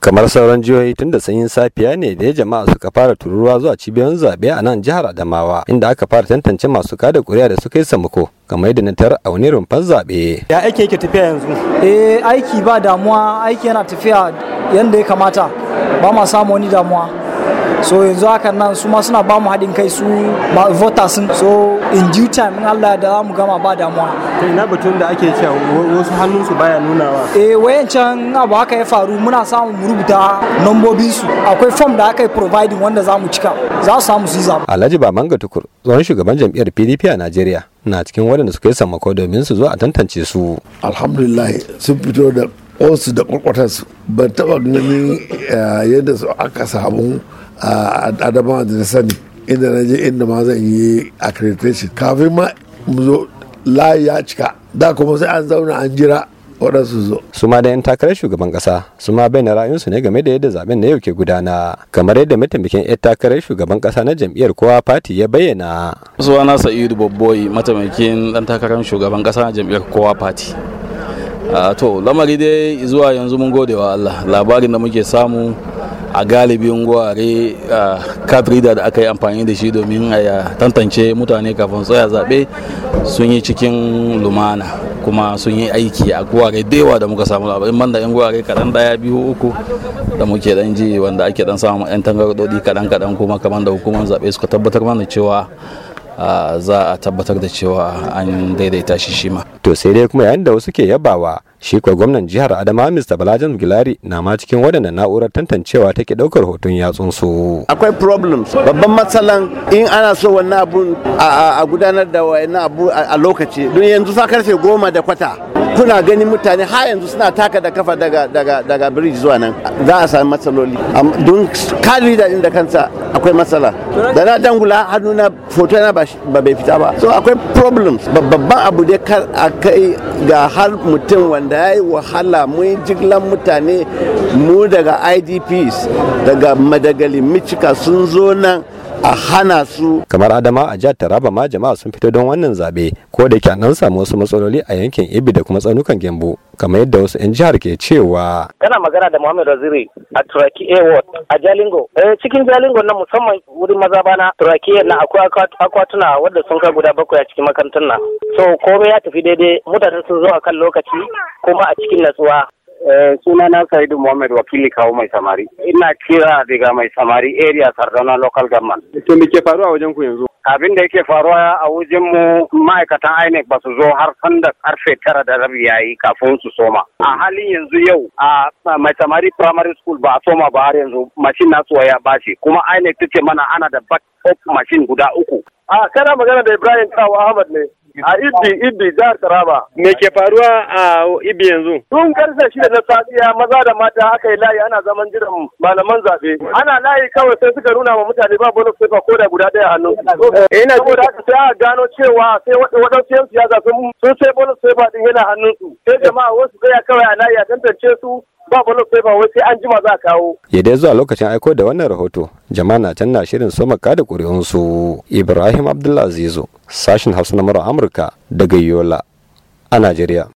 kamar sauran jihohi tunda da sanyin safiya ne da jama'a suka fara tururuwa zuwa cibiyoyin zaɓe a nan jihar adamawa inda aka fara tantance masu kada kuri'a da suka yi samuko kamar yadda na tar a wani rumfar zaɓe ya aiki yake tafiya yanzu eh aiki ba damuwa aiki yana tafiya yadda ya kamata ba ma samu wani damuwa so yanzu hakan nan su ma suna bamu haɗin kai su voters sun so in due time in Allah da za mu gama ba damuwa to ina batun da ake cewa wasu hannun su baya nunawa eh wayancan abu haka ya faru muna samun mu rubuta nambobin su akwai form da aka yi providing wanda za mu cika za su samu su yi zaɓe Alhaji babanga Tukur tsohon shugaban jam'iyyar PDP a Najeriya na cikin waɗanda suka yi sammako domin su zo a tantance su alhamdulillah sun fito da wasu da su ba taba gani eh, yadda su aka samu eh, adama da na sani inda na je inda ma zan yi accreditation kafin ma mu zo layi ya cika da kuma sai an zauna an jira waɗansu zo. su ma da 'yan takarar shugaban ƙasa su ma na ra'ayinsu ne game da yadda zaben na yau ke gudana kamar yadda mataimakin 'yan takarar shugaban kasa na jam'iyyar kowa fati ya bayyana. suna sa'idu babboyi mataimakin ɗan takarar shugaban ƙasa na jam'iyyar kowa fati. a ah, to lamari dai zuwa yanzu mun gode wa Allah labarin da muke samu a galibin gware kafrida ah, da aka yi amfani da shi domin a tantance mutane kafin tsaya zaɓe sun yi cikin lumana kuma sun yi aiki a gware dewa da muka samu labarin banda yan gware kaɗan daya biyu uku da muke dan ji wanda ake dan samu yan tangarɗoɗi kaɗan kaɗan kuma kamar da hukumar zaɓe suka tabbatar mana cewa za a tabbatar da cewa an daidaita shi shi ma. To sai dai kuma yayin da wasu ke yabawa shi kuwa gwamnan jihar Adama Mr. Balajan Gilari na ma cikin waɗanda na'urar tantancewa take ɗaukar hoton yatsun su. Akwai problems babban matsalan in ana so wannan abu a gudanar da wannan abu a lokaci don yanzu sa karfe goma da kwata kuna ganin mutane har yanzu suna taka da kafa daga daga daga bridge zuwa nan za a sami matsaloli don kari da inda kansa akwai matsala da na dangula hannuna foto na ba bai fita ba so akwai problems babban abu da kar a kai ga har mutum wanda ya yi wahala mun jiglan mutane mu daga idps daga madagali michika sun zo nan a hana su kamar adama a jihar taraba ma jama'a sun fito don wannan zabe ko da kyan an samu wasu matsaloli a yankin ibi da kuma tsanukan gembu kamar yadda wasu 'yan jihar ke cewa kana magana da muhammad raziri a turaki a ward a jalingo eh cikin jalingo na musamman wurin maza bana turaki na akwai akwatuna wadda sun kai guda bakwai a cikin makarantar nan so komai ya tafi daidai mutane sun zo a kan lokaci kuma a cikin natsuwa Eh, suna na Saidu Muhammad wakili kawo mai samari. Ina kira daga mai samari area Sardana local government. To me ke faruwa wajen ku yanzu? Abin da yake faruwa a wajen mu ma'aikatan INEC ba su zo har san da karfe tara da rabi ya yayi kafin su soma. A halin yanzu yau a mai samari primary school ba a soma ba har yanzu mashin nasu ya bace kuma INEC tace mana ana da back up machine guda uku. A kana magana da Ibrahim Kawo Ahmad ne. a ibi ibi jihar Taraba. Me ke faruwa a ibi yanzu? Tun karfe shida na safiya maza da mata aka yi layi ana zaman jiran malaman zaɓe. Ana layi kawai sai suka nuna wa mutane ba bolo sai ko da guda ɗaya hannu. Eh, ina da aka a gano cewa sai waɗansu siyasa sun sai sai ba ɗin yana hannun su Sai jama'a wasu gaya kawai a layi a tantance su ba sai ba wai sai an jima za a kawo ya dai zuwa lokacin aiko da wannan rahoto jama'a na can na shirin soma kada ƙuri'unsu ibrahim Abdullazizu – Sashen sashin hausa na amurka daga yola a najeriya